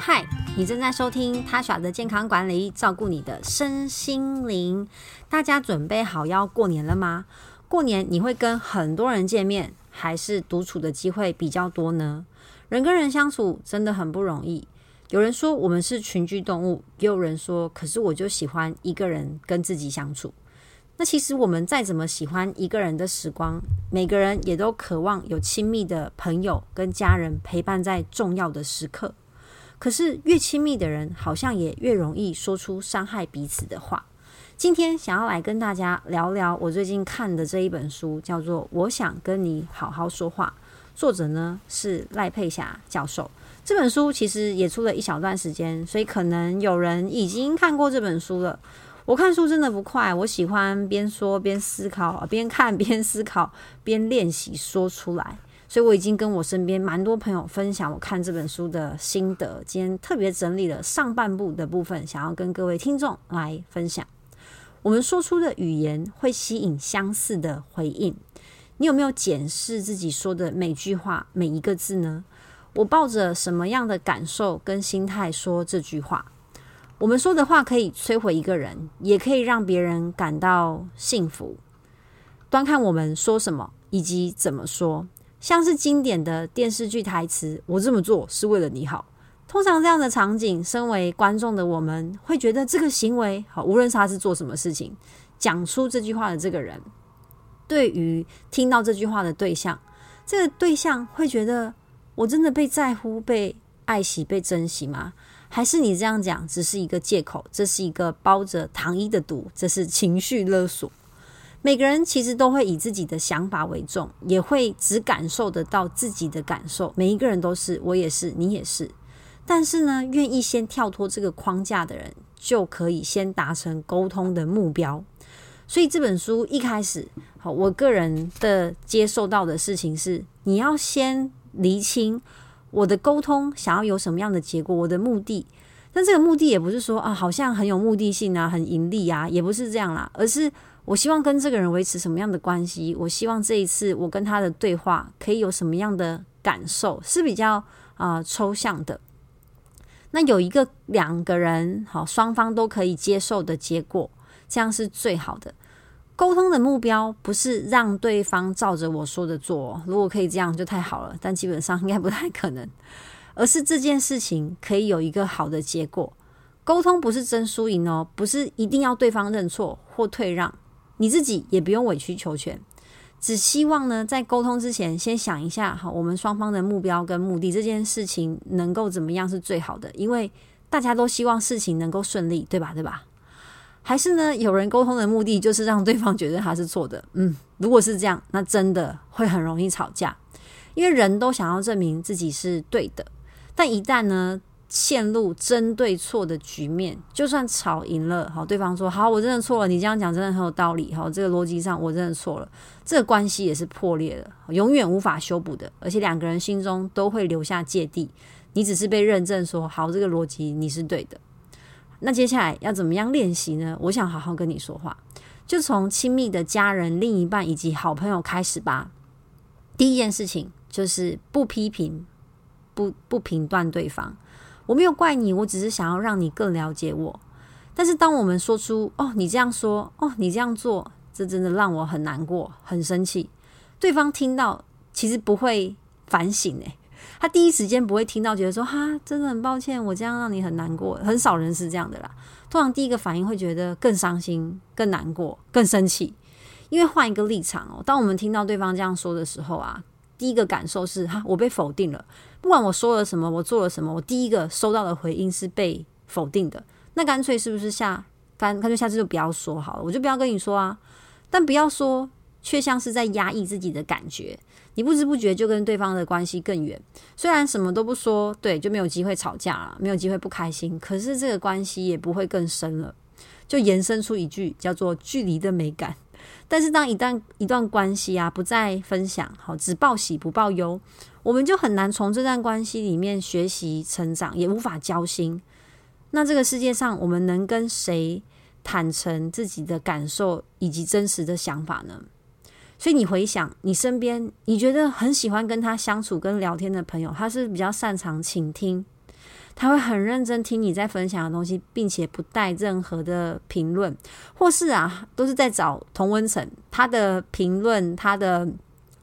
嗨，Hi, 你正在收聽 Tasha 的健康管理，照顧你的身心靈。大家準備好要過年了嗎？過年你會跟很多人見面，還是獨處的機會比較多呢？人跟人相處真的很不容易。有人說我們是群居動物，也有人說，可是我就喜歡一個人跟自己相處。那其實我們再怎麼喜歡一個人的時光，每個人也都渴望有親密的朋友跟家人陪伴在重要的時刻。可是越親密的人，好像也越容易說出傷害彼此的話。今天想要來跟大家聊聊我最近看的這一本書，叫做《我想跟你好好說話》，作者呢是賴佩霞教授。這本書其實也出了一小段時間，所以可能有人已經看過這本書了。我看書真的不快，我喜歡邊說邊思考，邊看邊思考，邊練習說出來。所以我已經跟我身邊蠻多朋友分享我看這本書的心得，今天特別整理了上半部的部分，想要跟各位聽眾來分享。我們說出的語言會吸引相似的回應。你有沒有檢視自己說的每句話、每一個字呢？我抱着什麼樣的感受跟心態說這句話？我們說的話可以摧毀一個人，也可以讓別人感到幸福。端看我們說什麼以及怎麼說。像是經典的電視劇台詞，“我這麼做是為了你好。”通常這樣的場景，身為觀眾的我們會覺得這個行為好，無論是他是做什麼事情，講出這句話的這個人，對於聽到這句話的對象，這個對象會覺得我真的被在乎、被愛惜、被珍惜嗎？還是你這樣講只是一個借口？這是一個包着糖衣的毒，這是情緒勒索。每個人其實都會以自己的想法為重，也會只感受得到自己的感受。每一個人都是，我也是，你也是。但是呢，願意先跳脫這個框架的人，就可以先達成溝通的目標。所以這本書一開始好，我個人的接受到的事情是：你要先釐清我的溝通想要有什麼樣的結果，我的目的。但這個目的也不是說啊，好像很有目的性啊，很盈利啊，也不是這樣啦，而是。我希望跟這個人維持什麼樣的關係？我希望這一次我跟他的對話可以有什麼樣的感受？是比較啊、呃、抽象的。那有一個兩個人好、哦，雙方都可以接受的結果，這樣是最好的。溝通的目標不是讓對方照着我說的做、哦，如果可以這樣就太好了，但基本上應該不太可能，而是這件事情可以有一個好的結果。溝通不是爭輸贏哦，不是一定要對方認錯或退讓。你自己也不用委曲求全，只希望呢，在溝通之前先想一下，好，我們雙方的目標跟目的，這件事情能夠怎麼樣是最好的？因為大家都希望事情能夠順利，對吧？對吧？還是呢，有人溝通的目的就是讓對方覺得他是錯的。嗯，如果是這樣，那真的會很容易吵架，因為人都想要證明自己是對的，但一旦呢，陷入爭對錯的局面，就算吵贏了，好，對方說好，我真的錯了，你這樣講真的很有道理，好，這個邏輯上我真的錯了，這個關係也是破裂了，永遠無法修補的，而且兩個人心中都會留下芥蒂。你只是被認證說好，這個邏輯你是對的。那接下來要怎麼樣練習呢？我想好好跟你說話，就從親密的家人、另一半以及好朋友開始吧。第一件事情就是不批評，不不評斷對方。我沒有怪你，我只是想要讓你更了解我。但是當我們說出“哦，你這樣說，哦，你這樣做”，這真的讓我很難過、很生氣。對方聽到其實不會反省誒，他第一時間不會聽到，覺得說“哈，真的很抱歉，我這樣讓你很難過”。很少人是這樣的啦，通常第一個反應會覺得更傷心、更難過、更生氣。因為換一個立場哦，當我們聽到對方這樣說的時候啊。第一個感受是，哈，我被否定了。不管我說了什麼，我做了什麼，我第一個收到的回應是被否定的。那乾脆是不是下，乾，乾脆下次就不要說好了，我就不要跟你說啊。但不要說，卻像是在壓抑自己的感覺。你不知不覺就跟對方的關係更遠。雖然什麼都不說，對，就沒有機會吵架了啊，沒有機會不開心，可是這個關係也不會更深了。就延伸出一句叫做“距離的美感”。但是當一段一段關係啊不再分享，好，只報喜不報憂，我們就很難從這段關係裡面學習成長，也無法交心。那這個世界上，我們能跟誰坦誠自己的感受以及真實的想法呢？所以你回想，你身邊你覺得很喜歡跟他相處、跟聊天的朋友，他是不是比較擅長傾聽？他會很認真聽你在分享的東西，並且不帶任何的評論，或是啊，都是在找同溫層。他的評論、他的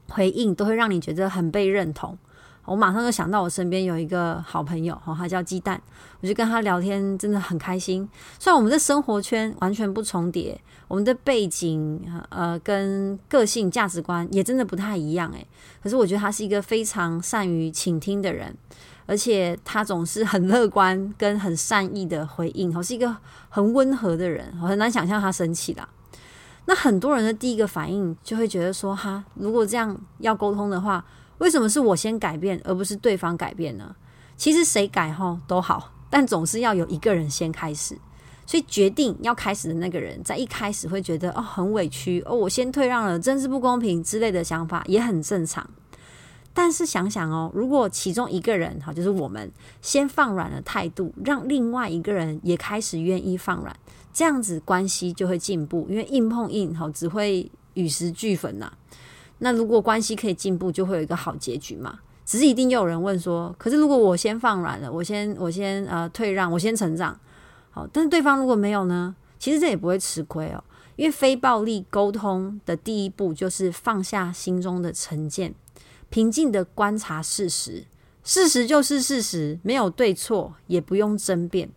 回應，都會讓你覺得很被認同。我馬上就想到我身邊有一個好朋友，哈，他叫雞蛋，我就跟他聊天，真的很開心。雖然我們的生活圈完全不重疊，我們的背景、呃，跟個性、價值觀也真的不太一樣欸，誒，可是我覺得他是一個非常善於傾聽的人。而且他總是很樂觀跟很善意的回應，好，是一個很溫和的人，我很難想象他生氣啦啊。那很多人的第一個反應就會覺得說，哈，如果這樣要溝通的話，為什麼是我先改變，而不是對方改變呢？其實誰改哈都好，但總是要有一個人先開始。所以決定要開始的那個人，在一開始會覺得哦很委屈哦，我先退讓了，真是不公平之類的想法也很正常。但是想想哦，如果其中一個人哈，就是我們先放軟了態度，讓另外一個人也開始願意放軟，這樣子關係就會進步。因為硬碰硬哈，只會玉石俱焚吶、啊。那如果關係可以進步，就會有一個好結局嘛。只是一定有人問說，可是如果我先放軟了，我先我先呃退讓，我先成長，好，但是對方如果沒有呢？其實這也不會吃虧哦。因為非暴力溝通的第一步就是放下心中的成見。平靜的觀察事實，事實就是事實，沒有對錯，也不用爭辯。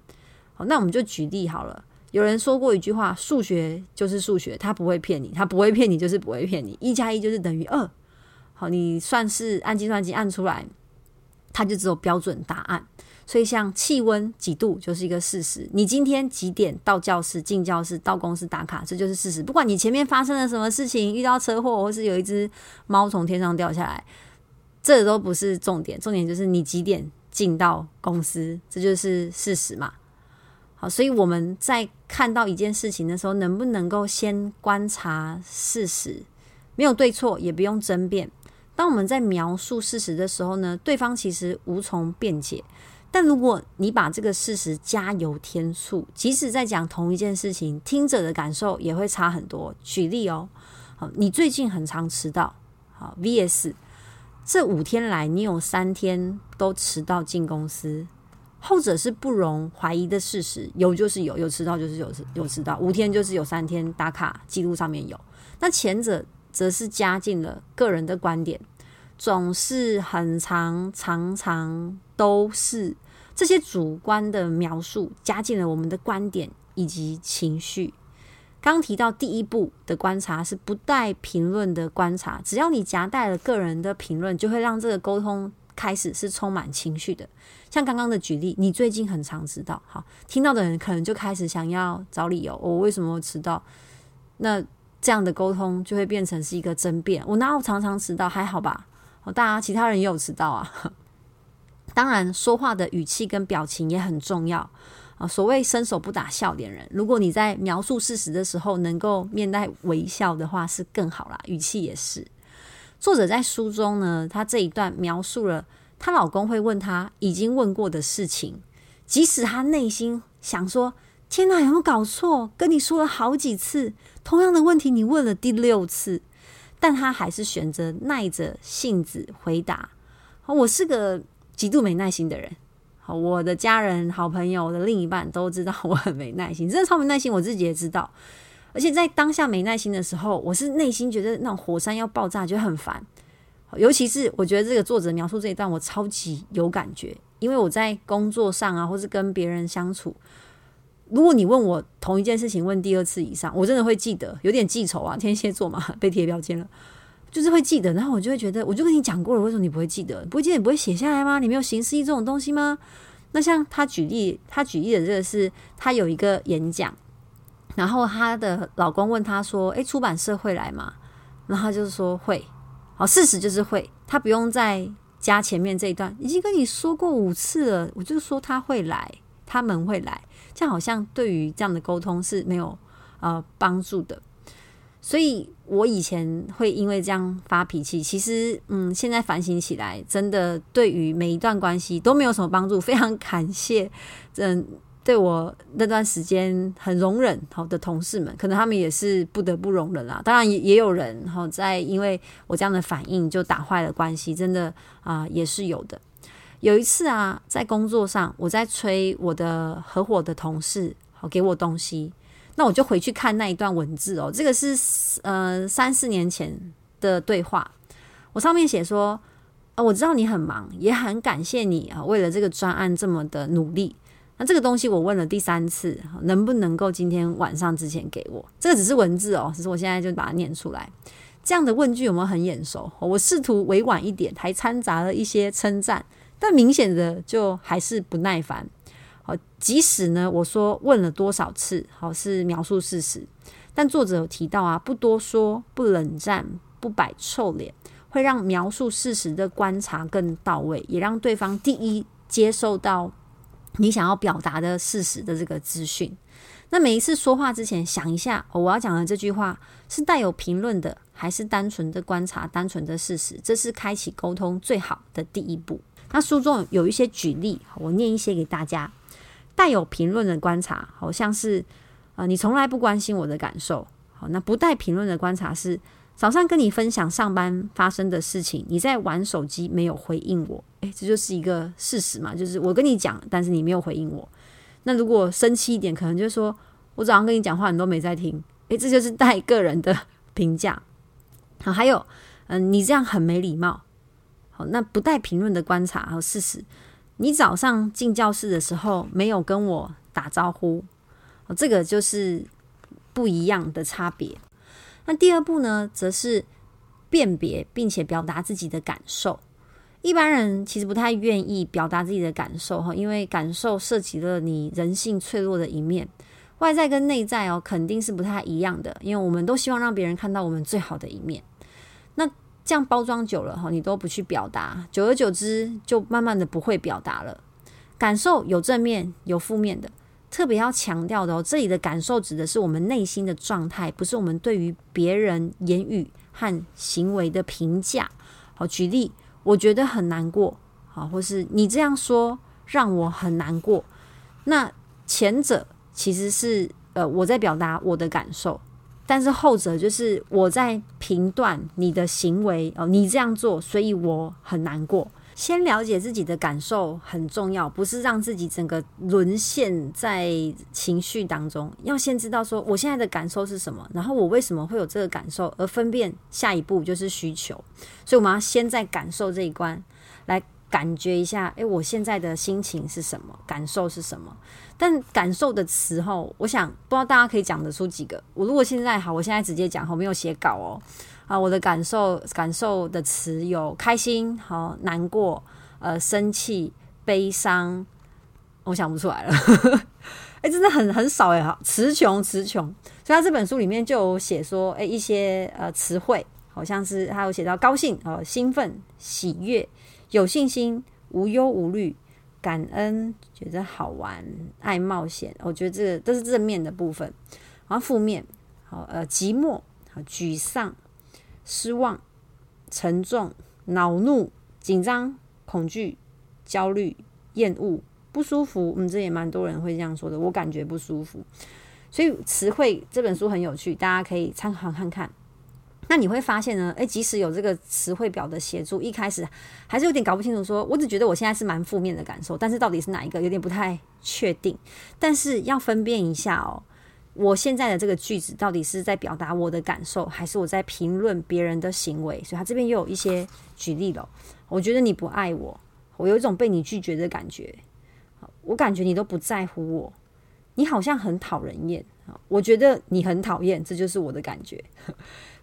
好，那我們就舉例好了。有人說過一句話：“數學就是數學，他不會騙你，他不會騙你，就是不會騙你。一加一就是等於二。好，你算是按計算機按出來，它就只有標準答案。所以，像氣溫幾度就是一個事實。你今天幾點到教室，進教室，到公司打卡，這就是事實。不管你前面發生了什麼事情，遇到車禍，或是有一隻貓從天上掉下來。這都不是重點，重點就是你幾點進到公司，這就是事實嘛。好，所以我們在看到一件事情的時候，能不能夠先觀察事實？沒有對錯，也不用爭辯。當我們在描述事實的時候呢，對方其實無從辯解。但如果你把這個事實加油添醋，即使在講同一件事情，聽者的感受也會差很多。舉例哦，好，你最近很常遲到。好，VS。這五天來，你有三天都遲到進公司。後者是不容懷疑的事實，有就是有，有遲到就是有，有遲到，五天就是有三天打卡記錄上面有。那前者則是加進了個人的觀點，總是，很常，常常都是這些主觀的描述，加進了我們的觀點以及情緒。剛提到第一步的觀察是不帶評論的觀察，只要你夾帶了個人的評論，就會讓這個溝通開始是充滿情緒的。像剛剛的舉例，你最近很常遲到，好，聽到的人可能就開始想要找理由，我、哦、為什麼遲到？那這樣的溝通就會變成是一個爭辯。哦、我哪有常常遲到？還好吧？好，大家其他人也有遲到啊。當然，說話的語氣跟表情也很重要。啊，所謂伸手不打笑臉人。如果你在描述事實的時候能夠面帶微笑的話，是更好啦。語氣也是。作者在書中呢，她這一段描述了她老公會問她已經問過的事情，即使她內心想說“天哪，有沒有搞錯？跟你說了好幾次同樣的問題，你問了第六次”，但她還是選擇耐着性子回答：“我是個極度沒耐心的人。”我的家人、好朋友、我的另一半都知道我很沒耐心，真的超沒耐心，我自己也知道。而且在當下沒耐心的時候，我是內心覺得那種火山要爆炸，覺得很煩。尤其是我覺得這個作者描述這一段，我超級有感覺，因為我在工作上啊，或是跟別人相處，如果你問我同一件事情，問第二次以上，我真的會記得，有點記仇啊。天蠍座嘛，被貼標籤了。就是會記得，然後我就會覺得，我就跟你講過了，為什麼你不會記得？不會記得你不會寫下來嗎？你沒有形式意這種東西嗎？那像他舉例，他舉例的這個是，他有一個演講，然後他的老公問他說，誒，出版社會來嗎？然後他就說會，好，事實就是會，他不用再加前面這一段，已經跟你說過五次了，我就說他會來，他們會來，這樣好像對於這樣的溝通是沒有，呃，幫助的。所以我以前會因為這樣發脾氣，其實嗯，現在反省起來，真的對於每一段關係都沒有什麼幫助。非常感謝，這、嗯、對我那段時間很容忍好的同事們，可能他們也是不得不容忍啊。當然也也有人哈，在因為我這樣的反應就打壞了關係，真的啊、呃、也是有的。有一次啊，在工作上，我在催我的合夥的同事好給我東西。那我就回去看那一段文字哦，這個是呃三四年前的對話。我上面寫說，啊、哦，我知道你很忙，也很感謝你啊，為了這個專案這麼的努力。那這個東西我問了第三次，能不能夠今天晚上之前給我？這個只是文字哦，只是我現在就把它唸出來。這樣的問句有沒有很眼熟？我試圖委婉一點，還摻雜了一些稱讚，但明顯的就還是不耐煩。即使呢，我說問了多少次，好是描述事實，但作者有提到啊，不多說，不冷戰，不擺臭臉，會讓描述事實的觀察更到位，也讓對方第一接受到你想要表達的事實的這個資訊。那每一次說話之前，想一下，我要講的這句話是帶有評論的，還是單純的觀察，單純的事實？這是開啟溝通最好的第一步。那書中有一些舉例，我念一些給大家。帶有評論的觀察，好像是，啊、呃，你從來不關心我的感受。好，那不帶評論的觀察是，早上跟你分享上班發生的事情，你在玩手機沒有回應我。誒，這就是一個事實嘛，就是我跟你講，但是你沒有回應我。那如果生氣一點，可能就是說，我早上跟你講話，你都沒在聽。誒，這就是帶個人的評價。好，還有，嗯、呃，你這樣很沒禮貌。好，那不帶評論的觀察和事實。你早上進教室的時候沒有跟我打招呼，這個就是不一樣的差別。那第二步呢，則是辨別並且表達自己的感受。一般人其實不太願意表達自己的感受，哈，因為感受涉及了你人性脆弱的一面。外在跟內在哦，肯定是不太一樣的，因為我們都希望讓別人看到我們最好的一面。這樣包裝久了哈，你都不去表達，久而久之就慢慢的不會表達了。感受有正面有負面的，特別要強調的哦，這裡的感受指的是我們內心的狀態，不是我們對於別人言語和行為的評價。好，舉例，我覺得很難過，好，或是你這樣說讓我很難過，那前者其實是呃我在表達我的感受。但是後者就是我在評斷你的行為哦，你這樣做，所以我很難過。先了解自己的感受很重要，不是讓自己整個淪陷在情緒當中。要先知道說我現在的感受是什麼，然後我為什麼會有這個感受，而分辨下一步就是需求。所以我們要先在感受這一關來。感覺一下，哎，我現在的心情是什麼？感受是什麼？但感受的詞哈，我想不知道大家可以講得出幾個。我如果現在好，我現在直接講好，我沒有寫稿哦。啊，我的感受，感受的詞有開心、好難過、呃，生氣、悲傷。我想不出來了，哎， 真的很很少哎，詞窮，詞窮。所以他這本書裡面就有寫說，哎，一些呃詞彙，好像是他有寫到高興、哦、呃，興奮、喜悅。有信心，無憂無慮，感恩，覺得好玩，愛冒險。我覺得這個都是正面的部分。然後負面，好呃，寂寞，好沮喪，失望，沉重，惱怒，緊張，恐懼，焦慮，厭惡，不舒服。嗯，我們這也蠻多人會這樣說的。我感覺不舒服。所以詞彙這本書很有趣，大家可以參考看看。那你會發現呢，誒，即使有這個詞彙表的協助，一開始還是有點搞不清楚說。說我只覺得我現在是蠻負面的感受，但是到底是哪一個，有點不太確定。但是要分辨一下哦，我現在的這個句子到底是在表達我的感受，還是我在評論別人的行為？所以他這邊又有一些舉例了。我覺得你不愛我，我有一種被你拒絕的感覺。我感覺你都不在乎我，你好像很討人厭。我覺得你很討厭，這就是我的感覺。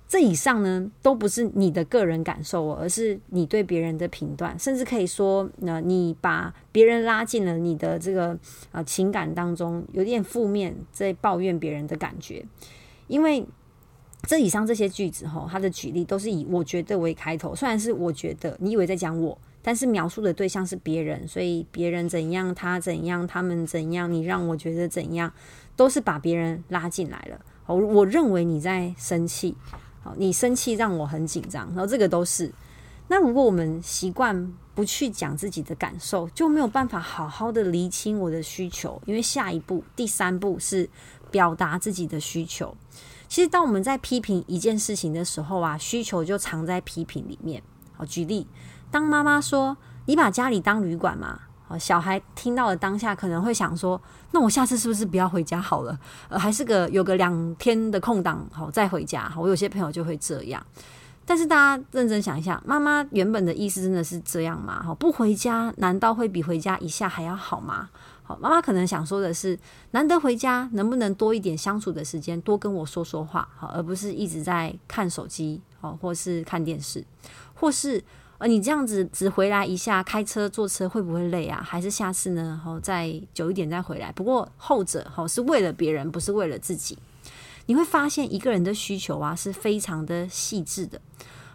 這以上呢，都不是你的個人感受，而是你對別人的評斷，甚至可以說，呢、呃，你把別人拉進了你的這個啊、呃、情感當中，有點負面，在抱怨別人的感覺。因為這以上這些句子，哈，它的舉例都是以“我覺得”為開頭，雖然是“我覺得”，你以為在講我，但是描述的對象是別人，所以別人怎樣，他怎樣，他們怎樣，你讓我覺得怎樣，都是把別人拉進來了。好，我認為你在生氣。你生氣讓我很緊張，然後，哦，這個都是。那如果我們習慣不去講自己的感受，就沒有辦法好好的釐清我的需求。因為下一步，第三步是表達自己的需求。其實當我們在批評一件事情的時候啊，需求就藏在批評裡面。好，舉例，當媽媽說：“你把家裡當旅館嗎？”哦，小孩聽到了當下可能會想說：“那我下次是不是不要回家好了？呃，還是個有個兩天的空檔，好，哦，再回家。”我有些朋友就會這樣。但是大家認真想一下，媽媽原本的意思真的是這樣嗎？哦，不回家難道會比回家一下還要好嗎？好，哦，媽媽可能想說的是：難得回家，能不能多一點相處的時間，多跟我說說話？好，哦，而不是一直在看手機，好，哦，或是看電視，或是。你這樣子只回來一下，開車坐車會不會累啊？還是下次呢？然後再久一點再回來。不過後者吼，是為了別人，不是為了自己。你會發現一個人的需求啊是非常的細緻的，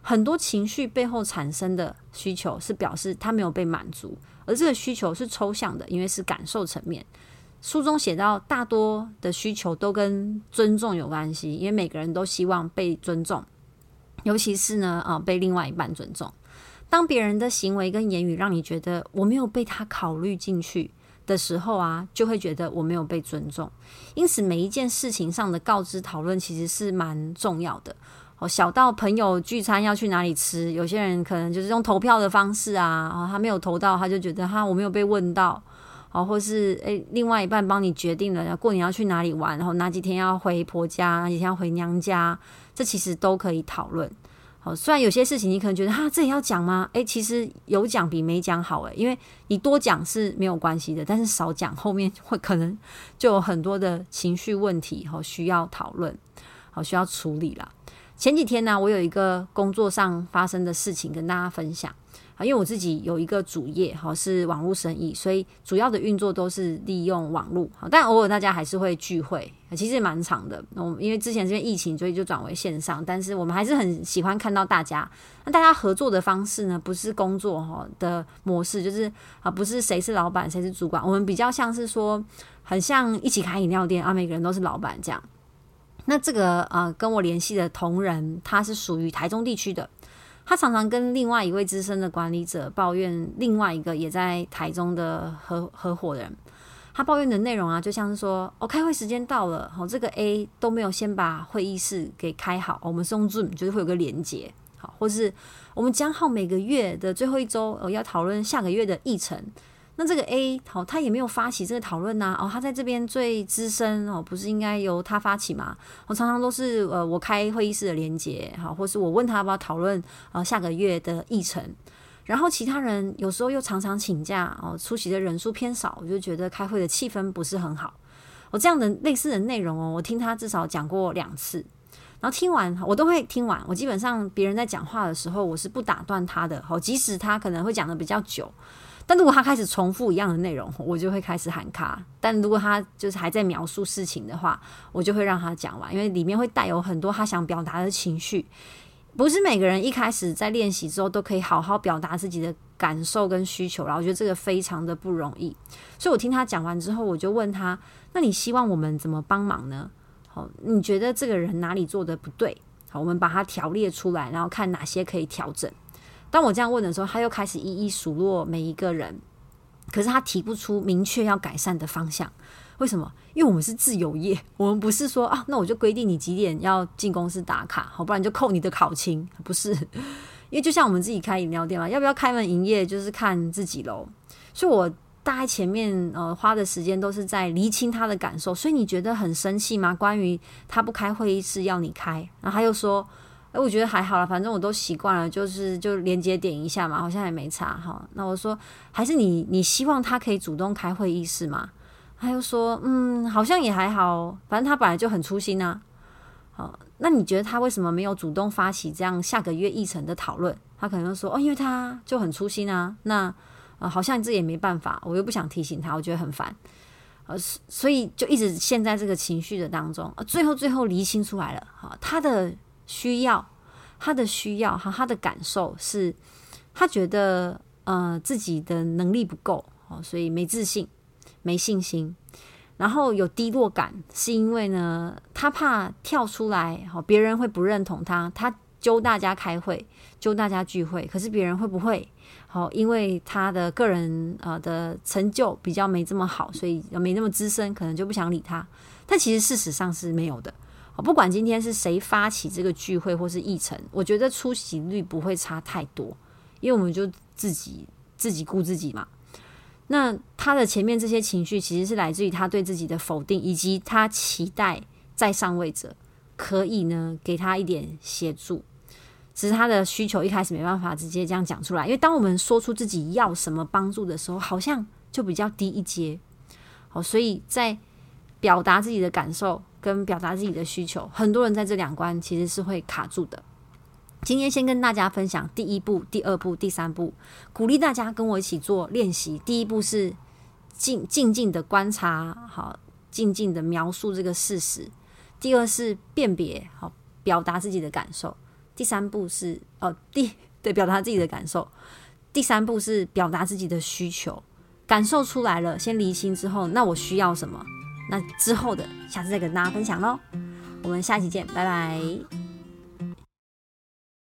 很多情緒背後產生的需求是表示他沒有被滿足，而這個需求是抽象的，因為是感受層面。書中寫到，大多的需求都跟尊重有關係，因為每個人都希望被尊重，尤其是呢，呃，被另外一半尊重。當別人的行為跟言語讓你覺得我沒有被他考慮進去的時候啊，就會覺得我沒有被尊重。因此，每一件事情上的告知討論其實是蠻重要的。哦，小到朋友聚餐要去哪裡吃，有些人可能就是用投票的方式啊，他沒有投到，他就覺得他我沒有被問到。哦，或是誒，另外一半幫你決定了，要過年要去哪裡玩，然後哪幾天要回婆家，哪幾天要回娘家，這其實都可以討論。好，雖然有些事情你可能覺得哈，這也要講嗎？誒，其實有講比沒講好誒，因為你多講是沒有關係的，但是少講後面會可能就有很多的情緒問題哦，需要討論，哦，需要處理啦。前幾天呢，我有一個工作上發生的事情跟大家分享。因為我自己有一個主業哈，是網絡生意，所以主要的運作都是利用網絡。但偶爾大家還是會聚會，其實蠻長的。我因為之前這邊疫情，所以就轉為線上，但是我們還是很喜歡看到大家。那大家合作的方式呢，不是工作的模式，就是啊，不是誰是老闆，誰是主管，我們比較像是說，很像一起開飲料店啊，每個人都是老闆這樣。那這個啊、呃，跟我聯繫的同仁，他是屬於台中地區的。他常常跟另外一位資深的管理者抱怨，另外一個也在台中的合合夥人，他抱怨的內容啊，就像是說，哦，開會時間到了，好，這個 A 都沒有先把會議室給開好，我們是用 Zoom，就是會有個連接，好，或是我們講好每個月的最後一周，哦，要討論下個月的議程。那這個 A 好，哦，他也沒有發起這個討論吶哦，他在這邊最資深哦，不是應該由他發起嗎？我、哦、常常都是呃，我開會議室的連結好、哦，或是我問他要不要討論啊下個月的議程，然後其他人有時候又常常請假哦，出席的人數偏少，我就覺得開會的氣氛不是很好。我、哦、這樣的類似的內容哦，我聽他至少講過兩次，然後聽完我都會聽完，我基本上別人在講話的時候我是不打斷他的哦，即使他可能會講得比較久。但如果他開始重複一樣的內容，我就會開始喊卡。但如果他就是還在描述事情的話，我就會讓他講完，因為裡面會帶有很多他想表達的情緒。不是每個人一開始在練習之後都可以好好表達自己的感受跟需求了，然後我覺得這個非常的不容易。所以我聽他講完之後，我就問他：“那你希望我們怎麼幫忙呢？”好，你覺得這個人哪裡做得不對？好，我們把它條列出來，然後看哪些可以調整。當我這樣問的時候，他又開始一一數落每一個人。可是他提不出明確要改善的方向，為什麼？因為我們是自由業，我們不是說啊，那我就規定你幾點要進公司打卡，好，不然就扣你的考勤。不是，因為就像我們自己開飲料店嘛，要不要開門營業就是看自己嘍。所以，我大概前面呃花的時間都是在釐清他的感受。所以你覺得很生氣嗎？關於他不開會議室要你開，然後他又說。哎、呃，我覺得還好啦，反正我都習慣了，就是就連接點一下嘛，好像也沒差哈、哦。那我說，還是你你希望他可以主動開會議室嘛？他又說，嗯，好像也還好、哦，反正他本來就很粗心吶、啊。好、哦，那你覺得他為什麼沒有主動發起這樣下個月議程的討論？他可能就說，哦，因為他就很粗心啊。那啊、呃，好像自己也沒辦法，我又不想提醒他，我覺得很煩，所、呃、以所以就一直陷在這個情緒的當中。呃、哦，最後最後釐清出來了，哦、他的。需要他的需要和他的感受是，他覺得呃自己的能力不夠、哦，所以沒自信、沒信心，然後有低落感，是因為呢他怕跳出來、哦，別人會不認同他，他揪大家開會、揪大家聚會，可是別人會不會好、哦？因為他的個人呃的成就比較沒這麼好，所以沒那麼資深，可能就不想理他。但其實事實上是沒有的。不管今天是誰發起這個聚會或是議程，我覺得出席率不會差太多，因為我們就自己自己顧自己嘛。那他的前面這些情緒，其實是來自於他對自己的否定，以及他期待在上位者可以呢給他一點協助。只是他的需求一開始沒辦法直接這樣講出來，因為當我們說出自己要什麼幫助的時候，好像就比較低一階。好，所以在表達自己的感受，跟表達自己的需求，很多人在這兩關其實是會卡住的。今天先跟大家分享第一步、第二步、第三步，鼓勵大家跟我一起做練習。第一步是靜靜靜的觀察，好，靜靜的描述這個事實。第二是辨別，好，表達自己的感受。第三步是哦，第對，表達自己的感受。第三步是表達自己的需求，感受出來了，先釐清之後，那我需要什麼？那之後的，下次再跟大家分享嘍。我們下期見，拜拜。